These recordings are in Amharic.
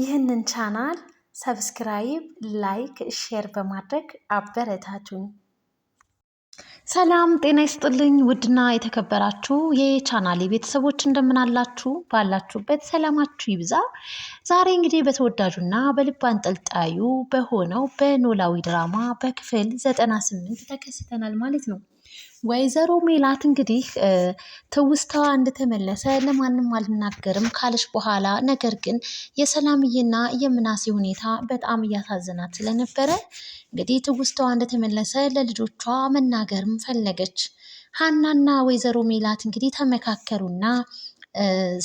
ይህንን ቻናል ሰብስክራይብ፣ ላይክ፣ ሼር በማድረግ አበረታቱኝ። ሰላም ጤና ይስጥልኝ። ውድና የተከበራችሁ የቻናሌ ቤተሰቦች እንደምናላችሁ፣ ባላችሁበት ሰላማችሁ ይብዛ። ዛሬ እንግዲህ በተወዳጁና በልብ አንጠልጣዩ በሆነው በኖላዊ ድራማ በክፍል ዘጠና ስምንት ተከስተናል ማለት ነው። ወይዘሮ ሜላት እንግዲህ ትውስታዋ እንደተመለሰ ለማንም አልናገርም ካለች በኋላ ነገር ግን የሰላምዬና የምናሴ ሁኔታ በጣም እያሳዘናት ስለነበረ እንግዲህ ትውስታዋ እንደተመለሰ ለልጆቿ መናገርም ፈለገች። ሀናና ወይዘሮ ሜላት እንግዲህ ተመካከሩና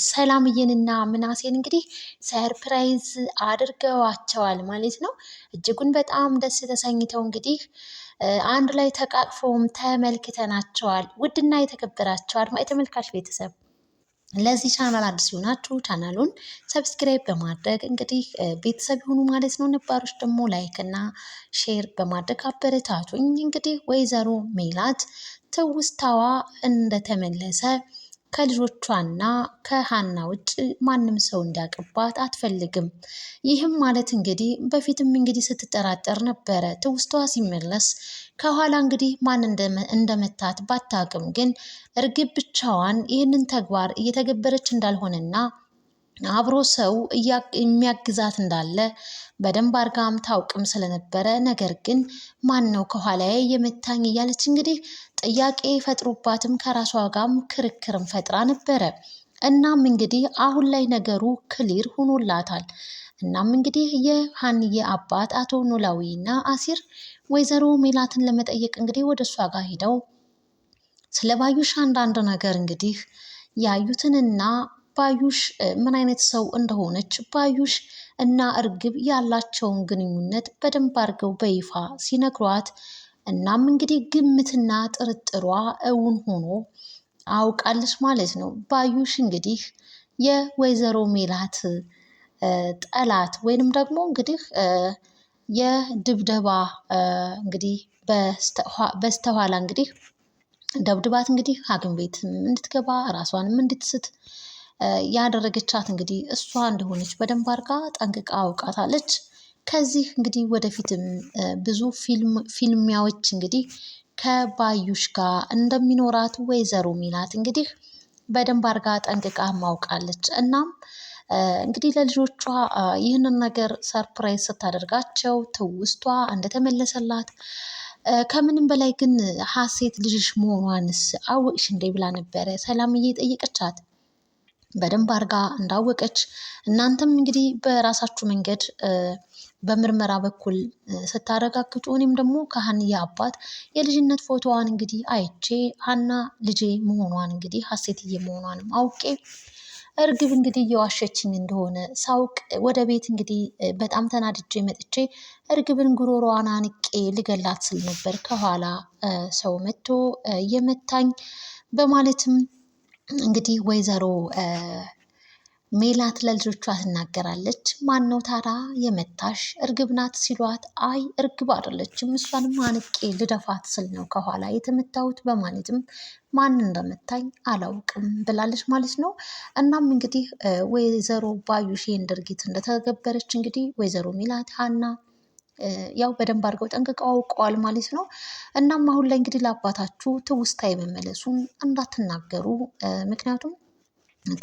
ሰላምዬንና ምናሴን እንግዲህ ሰርፕራይዝ አድርገዋቸዋል ማለት ነው። እጅጉን በጣም ደስ ተሰኝተው እንግዲህ አንድ ላይ ተቃቅፈውም ተመልክተናቸዋል። ውድና የተከበራቸው አድማጭ ቤተሰብ ለዚህ ቻናል አዲስ ሲሆናችሁ ቻናሉን ሰብስክራይብ በማድረግ እንግዲህ ቤተሰብ ይሁኑ ማለት ነው። ነባሮች ደግሞ ላይክ እና ሼር በማድረግ አበረታቱኝ። እንግዲህ ወይዘሮ ሜላት ትውስታዋ እንደተመለሰ ከልጆቿና ከሀና ውጭ ማንም ሰው እንዲያቅባት አትፈልግም። ይህም ማለት እንግዲህ በፊትም እንግዲህ ስትጠራጠር ነበረ። ትውስቷ ሲመለስ ከኋላ እንግዲህ ማን እንደመታት ባታቅም፣ ግን እርግብ ብቻዋን ይህንን ተግባር እየተገበረች እንዳልሆነና አብሮ ሰው የሚያግዛት እንዳለ በደንብ አርጋም ታውቅም ስለነበረ ነገር ግን ማን ነው ከኋላዬ የመታኝ እያለች እንግዲህ ጥያቄ ፈጥሮባትም ከራሷ ጋርም ክርክርም ፈጥራ ነበረ። እናም እንግዲህ አሁን ላይ ነገሩ ክሊር ሆኖላታል። እናም እንግዲህ የሀንዬ አባት አቶ ኖላዊ እና አሲር ወይዘሮ ሜላትን ለመጠየቅ እንግዲህ ወደ እሷ ጋር ሄደው ስለ ባዩሽ አንዳንድ ነገር እንግዲህ ያዩትንና ባዩሽ ምን አይነት ሰው እንደሆነች ባዩሽ እና እርግብ ያላቸውን ግንኙነት በደንብ አድርገው በይፋ ሲነግሯት እናም እንግዲህ ግምትና ጥርጥሯ እውን ሆኖ አውቃለች ማለት ነው። ባዩሽ እንግዲህ የወይዘሮ ሜላት ጠላት ወይንም ደግሞ እንግዲህ የድብደባ እንግዲህ በስተኋላ እንግዲህ ደብድባት እንግዲህ ሐኪም ቤት እንድትገባ ራሷንም እንድትስት ያደረገቻት እንግዲህ እሷ እንደሆነች በደንብ አድርጋ ጠንቅቃ አውቃታለች። ከዚህ እንግዲህ ወደፊትም ብዙ ፊልሚያዎች እንግዲህ ከባዩሽ ጋር እንደሚኖራት ወይዘሮ ሚላት እንግዲህ በደንብ አርጋ ጠንቅቃ ማውቃለች። እናም እንግዲህ ለልጆቿ ይህንን ነገር ሰርፕራይዝ ስታደርጋቸው ትውስቷ እንደተመለሰላት ከምንም በላይ ግን ሀሴት ልጅሽ መሆኗንስ አወቅሽ እንዴ ብላ ነበረ ሰላምዬ ጠየቀቻት። በደንብ አርጋ እንዳወቀች እናንተም እንግዲህ በራሳችሁ መንገድ በምርመራ በኩል ስታረጋግጡ እኔም ደግሞ ከሀንዬ አባት የልጅነት ፎቶዋን እንግዲህ አይቼ ሀና ልጄ መሆኗን እንግዲህ ሀሴትዬ መሆኗንም አውቄ እርግብ እንግዲህ እየዋሸችኝ እንደሆነ ሳውቅ ወደ ቤት እንግዲህ በጣም ተናድጄ መጥቼ እርግብን ጉሮሮዋን አንቄ ልገላት ስል ነበር ከኋላ ሰው መጥቶ የመታኝ በማለትም እንግዲህ ወይዘሮ ሜላት ለልጆቿ ትናገራለች። ማን ነው ታራ የመታሽ እርግብ ናት ሲሏት፣ አይ እርግብ አይደለችም እሷን ማንቄ ልደፋት ስል ነው ከኋላ የተመታሁት በማለትም ማን እንደመታኝ አላውቅም ብላለች ማለት ነው። እናም እንግዲህ ወይዘሮ ባዩሽ ይህን ድርጊት እንደተገበረች እንግዲህ ወይዘሮ ሜላት ሀና ያው በደንብ አድርገው ጠንቅቀው አውቀዋል ማለት ነው። እናም አሁን ላይ እንግዲህ ለአባታችሁ ትውስታዬ የመመለሱን እንዳትናገሩ። ምክንያቱም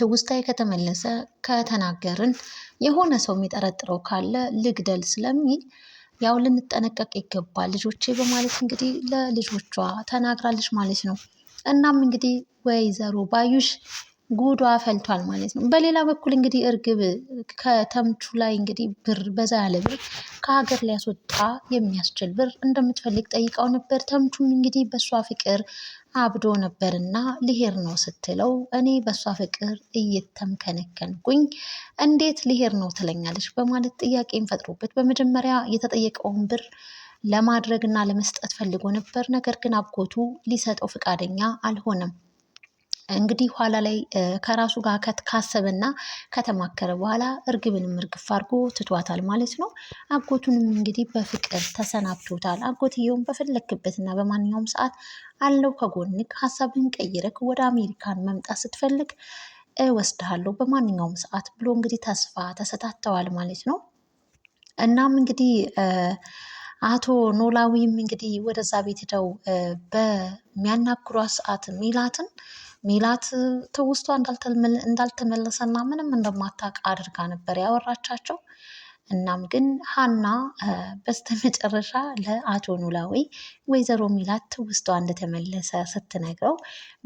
ትውስታ ከተመለሰ ከተናገርን የሆነ ሰው የሚጠረጥረው ካለ ልግደል ስለሚል ያው ልንጠነቀቅ ይገባል ልጆቼ በማለት እንግዲህ ለልጆቿ ተናግራለች ማለት ነው። እናም እንግዲህ ወይዘሮ ባዩሽ ጉዷ ፈልቷል ማለት ነው። በሌላ በኩል እንግዲህ እርግብ ከተምቹ ላይ እንግዲህ ብር በዛ ያለ ብር ከሀገር ሊያስወጣ የሚያስችል ብር እንደምትፈልግ ጠይቃው ነበር። ተምቹም እንግዲህ በእሷ ፍቅር አብዶ እና ልሄድ ነው ስትለው እኔ በእሷ ፍቅር እየተምከነከንኩኝ እንዴት ልሄድ ነው ትለኛለች በማለት ጥያቄን ፈጥሮበት በመጀመሪያ የተጠየቀውን ብር ለማድረግ እና ለመስጠት ፈልጎ ነበር። ነገር ግን አጎቱ ሊሰጠው ፈቃደኛ አልሆነም። እንግዲህ ኋላ ላይ ከራሱ ጋር ካሰበና ከተማከረ በኋላ እርግብንም እርግፍ አድርጎ ትቷታል ማለት ነው። አጎቱንም እንግዲህ በፍቅር ተሰናብቶታል። አጎትየውም በፈለክበትና በማንኛውም ሰዓት አለው ከጎንክ ሀሳብን ቀይረክ ወደ አሜሪካን መምጣት ስትፈልግ እወስድሃለሁ በማንኛውም ሰዓት ብሎ እንግዲህ ተስፋ ተሰታተዋል ማለት ነው። እናም እንግዲህ አቶ ኖላዊም እንግዲህ ወደዛ ቤት ሄደው በሚያናግሯት ሰዓት ሚላትን ሚላት ትውስቷ እንዳልተመለሰና ምንም እንደማታውቅ አድርጋ ነበር ያወራቻቸው። እናም ግን ሀና በስተመጨረሻ ለአቶ ኖላዊ ወይዘሮ ሚላት ትውስቷ እንደተመለሰ ስትነግረው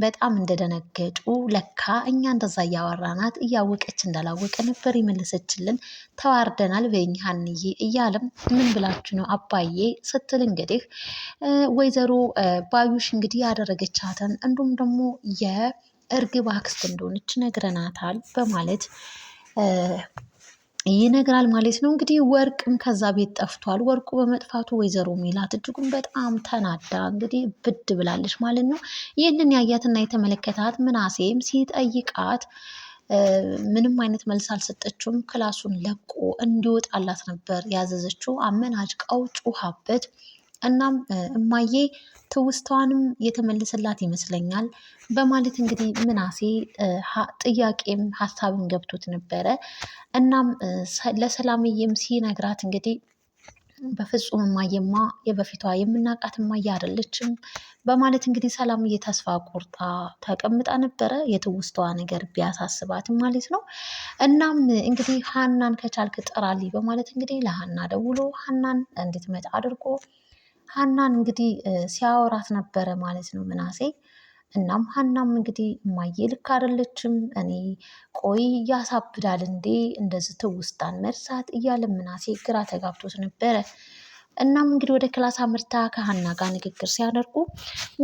በጣም እንደደነገጡ ለካ እኛ እንደዛ እያወራናት እያወቀች እንዳላወቀ ነበር የመለሰችልን። ተዋርደናል በኛ ሀንዬ እያለም ምን ብላችሁ ነው አባዬ ስትል እንግዲህ ወይዘሮ ባዩሽ እንግዲህ ያደረገቻትን እንዲሁም ደግሞ የእርግብ አክስት እንደሆነች ነግረናታል በማለት ይነግራል ማለት ነው። እንግዲህ ወርቅም ከዛ ቤት ጠፍቷል። ወርቁ በመጥፋቱ ወይዘሮ ሜላት እጅጉን በጣም ተናዳ እንግዲህ ብድ ብላለች ማለት ነው። ይህንን ያያትና የተመለከታት ምናሴም ሲጠይቃት ምንም አይነት መልስ አልሰጠችውም። ክላሱን ለቆ እንዲወጣላት ነበር ያዘዘችው። አመናጭቃው ጩሃበት እናም እማዬ ትውስታዋንም የተመለሰላት ይመስለኛል በማለት እንግዲህ ምናሴ ጥያቄም ሀሳብን ገብቶት ነበረ። እናም ለሰላምዬም ሲነግራት እንግዲህ በፍጹም ማየማ የበፊቷ የምናውቃት እማዬ አይደለችም በማለት እንግዲህ ሰላም እየተስፋ ቆርጣ ተቀምጣ ነበረ። የትውስተዋ ነገር ቢያሳስባትም ማለት ነው። እናም እንግዲህ ሀናን ከቻልክ ጥራልኝ በማለት እንግዲህ ለሀና ደውሎ ሀናን እንድትመጣ አድርጎ ሀናን እንግዲህ ሲያወራት ነበረ ማለት ነው ምናሴ እናም ሀናም እንግዲህ እማዬ ልክ አይደለችም፣ እኔ ቆይ እያሳብዳል እንዴ እንደዚህ ትውስታን መርሳት እያለ ምናሴ ግራ ተጋብቶት ነበረ። እናም እንግዲህ ወደ ክላስ አምርታ ከሀና ጋር ንግግር ሲያደርጉ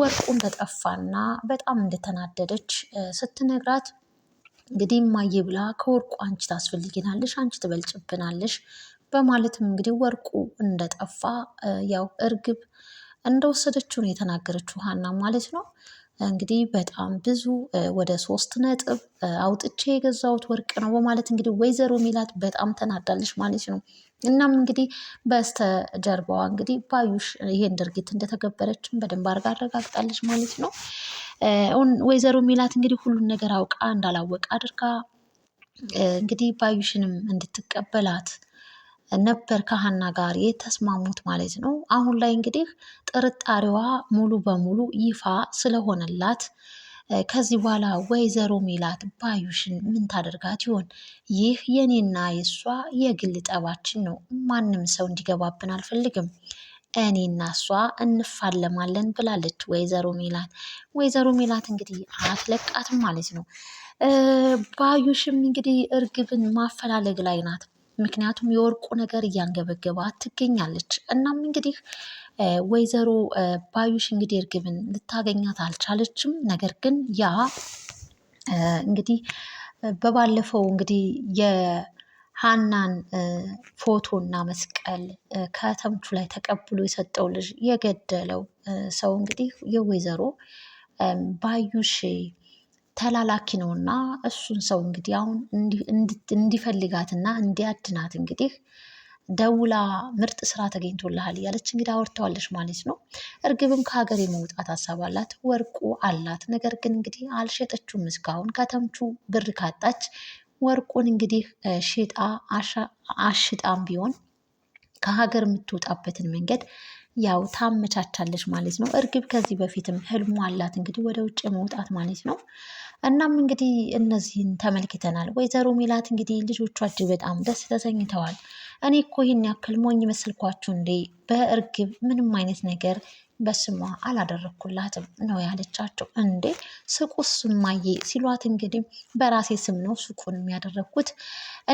ወርቁን እንደጠፋና በጣም እንደተናደደች ስትነግራት እንግዲህ እማዬ ብላ ከወርቁ አንቺ ታስፈልጊናለሽ፣ አንቺ ትበልጭብናለሽ በማለትም እንግዲህ ወርቁ እንደጠፋ ያው እርግብ እንደወሰደችው ነው የተናገረችው ሀና ማለት ነው። እንግዲህ በጣም ብዙ ወደ ሶስት ነጥብ አውጥቼ የገዛሁት ወርቅ ነው በማለት እንግዲህ ወይዘሮ ሚላት በጣም ተናዳለች ማለት ነው። እናም እንግዲህ በስተጀርባዋ እንግዲህ ባዩሽ ይሄን ድርጊት እንደተገበረችም በደንብ አድርጋ አረጋግጣለች ማለት ነው። ወይዘሮ ሚላት እንግዲህ ሁሉን ነገር አውቃ እንዳላወቀ አድርጋ እንግዲህ ባዩሽንም እንድትቀበላት ነበር ከሀና ጋር የተስማሙት ማለት ነው። አሁን ላይ እንግዲህ ጥርጣሬዋ ሙሉ በሙሉ ይፋ ስለሆነላት ከዚህ በኋላ ወይዘሮ ሜላት ባዩሽን ምን ታደርጋት ይሆን? ይህ የኔና የእሷ የግል ጠባችን ነው። ማንም ሰው እንዲገባብን አልፈልግም። እኔና እሷ እንፋለማለን ብላለች ወይዘሮ ሜላት። ወይዘሮ ሜላት እንግዲህ አትለቃትም ማለት ነው። ባዩሽም እንግዲህ እርግብን ማፈላለግ ላይ ናት። ምክንያቱም የወርቁ ነገር እያንገበገባት ትገኛለች። እናም እንግዲህ ወይዘሮ ባዩሽ እንግዲህ እርግብን ልታገኛት አልቻለችም። ነገር ግን ያ እንግዲህ በባለፈው እንግዲህ የሀናን ፎቶና መስቀል ከተምቹ ላይ ተቀብሎ የሰጠው ልጅ የገደለው ሰው እንግዲህ የወይዘሮ ባዩሽ ተላላኪ ነውና እሱን ሰው እንግዲህ አሁን እንዲፈልጋትና እንዲያድናት እንግዲህ ደውላ ምርጥ ስራ ተገኝቶልሃል እያለች እንግዲህ አወርተዋለች ማለት ነው። እርግብም ከሀገር የመውጣት ሀሳብ አላት፣ ወርቁ አላት። ነገር ግን እንግዲህ አልሸጠችውም እስካሁን ከተምቹ ብር ካጣች ወርቁን እንግዲህ ሽጣ አሽጣም ቢሆን ከሀገር የምትወጣበትን መንገድ ያው ታመቻቻለች ማለት ነው። እርግብ ከዚህ በፊትም ህልሙ አላት እንግዲህ ወደ ውጭ መውጣት ማለት ነው። እናም እንግዲህ እነዚህን ተመልክተናል። ወይዘሮ ሚላት እንግዲህ ልጆቿ እጅግ በጣም ደስ ተሰኝተዋል። እኔ እኮ ይህን ያክል ሞኝ መሰልኳችሁ እንዴ? በእርግብ ምንም አይነት ነገር በስሟ አላደረግኩላትም ነው ያለቻቸው። እንዴ ስቁስ ስማዬ ሲሏት እንግዲህ በራሴ ስም ነው ሱቁን የሚያደረግኩት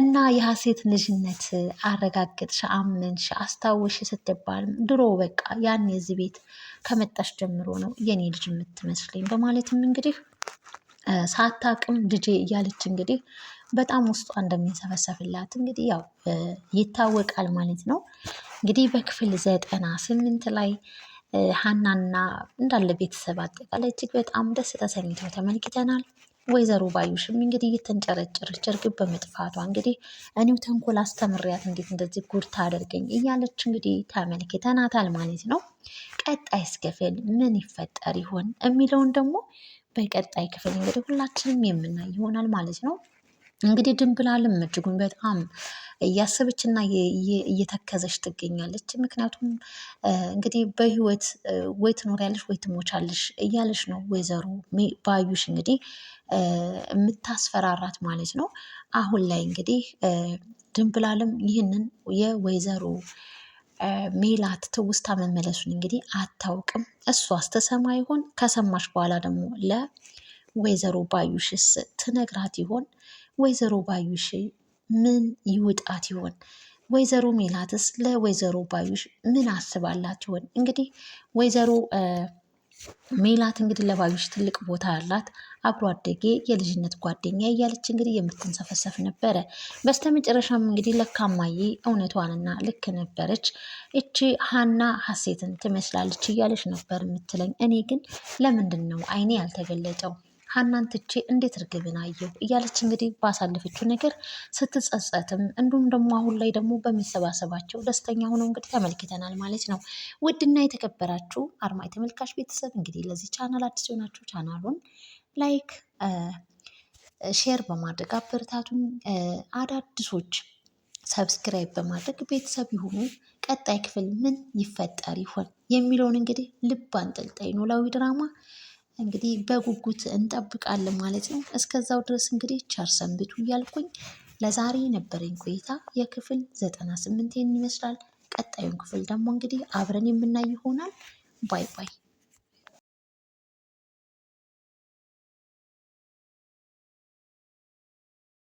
እና የሀሴት ልጅነት አረጋግጥሽ አመንሽ፣ አስታወሽ ስትባል ድሮ በቃ ያን የዚህ ቤት ከመጣሽ ጀምሮ ነው የኔ ልጅ የምትመስለኝ በማለትም እንግዲህ ሳታቅም ልጄ እያለች እንግዲህ በጣም ውስጧ እንደሚንሰፈሰፍላት እንግዲህ ያው ይታወቃል ማለት ነው። እንግዲህ በክፍል ዘጠና ስምንት ላይ ሀናና እንዳለ ቤተሰብ አጠቃላይ እጅግ በጣም ደስ ተሰኝተው ተመልክተናል። ወይዘሮ ባዩሽም እንግዲህ እየተንጨረጨረች እርግብ በመጥፋቷ እንግዲህ እኔው ተንኮል አስተምሪያት እንዴት እንደዚህ ጉድ ታደርገኝ እያለች እንግዲህ ተመልክተናታል ማለት ነው። ቀጣይስ ክፍል ምን ይፈጠር ይሆን የሚለውን ደግሞ በቀጣይ ክፍል እንግዲህ ሁላችንም የምናይ ይሆናል ማለት ነው። እንግዲህ ድንብላልም እጅጉን በጣም እያሰበችና እየተከዘች ትገኛለች። ምክንያቱም እንግዲህ በህይወት ወይ ትኖሪያለሽ ወይ ትሞቻለሽ እያለች ነው ወይዘሮ ባዩሽ እንግዲህ የምታስፈራራት ማለት ነው። አሁን ላይ እንግዲህ ድንብላልም ይህንን የወይዘሮ ሜላት ትውስታ መመለሱን እንግዲህ አታውቅም። እሷ አስተሰማ ይሆን? ከሰማች በኋላ ደግሞ ለወይዘሮ ባዩሽስ ትነግራት ይሆን? ወይዘሮ ባዩሽ ምን ይውጣት ይሆን? ወይዘሮ ሜላትስ ለወይዘሮ ባዩሽ ምን አስባላት ይሆን? እንግዲህ ወይዘሮ ሜላት እንግዲህ ለባዩሽ ትልቅ ቦታ ያላት አብሮ አደጌ የልጅነት ጓደኛ እያለች እንግዲህ የምትንሰፈሰፍ ነበረ። በስተመጨረሻም እንግዲህ ለካማዬ እውነቷንና ልክ ነበረች፣ እቺ ሀና ሀሴትን ትመስላለች እያለች ነበር የምትለኝ። እኔ ግን ለምንድን ነው አይኔ ያልተገለጠው ሀናን ትቼ እንዴት እርግብን አየሁ እያለች እንግዲህ ባሳለፈችው ነገር ስትጸጸትም እንዲሁም ደግሞ አሁን ላይ ደግሞ በሚሰባሰባቸው ደስተኛ ሆነው እንግዲህ ተመልክተናል ማለት ነው። ውድና የተከበራችሁ አርማ የተመልካች ቤተሰብ እንግዲህ ለዚህ ቻናል አዲስ የሆናችሁ ቻናሉን ላይክ፣ ሼር በማድረግ አበረታቱን። አዳዲሶች ሰብስክራይብ በማድረግ ቤተሰብ ይሁኑ። ቀጣይ ክፍል ምን ይፈጠር ይሆን የሚለውን እንግዲህ ልብ አንጠልጣይ ኖላዊ ድራማ እንግዲህ በጉጉት እንጠብቃለን ማለት ነው። እስከዛው ድረስ እንግዲህ ቸር ሰንብቱ እያልኩኝ ለዛሬ የነበረኝ ቆይታ የክፍል ዘጠና ስምንት ይመስላል። ቀጣዩን ክፍል ደግሞ እንግዲህ አብረን የምናይ ይሆናል። ባይ ባይ።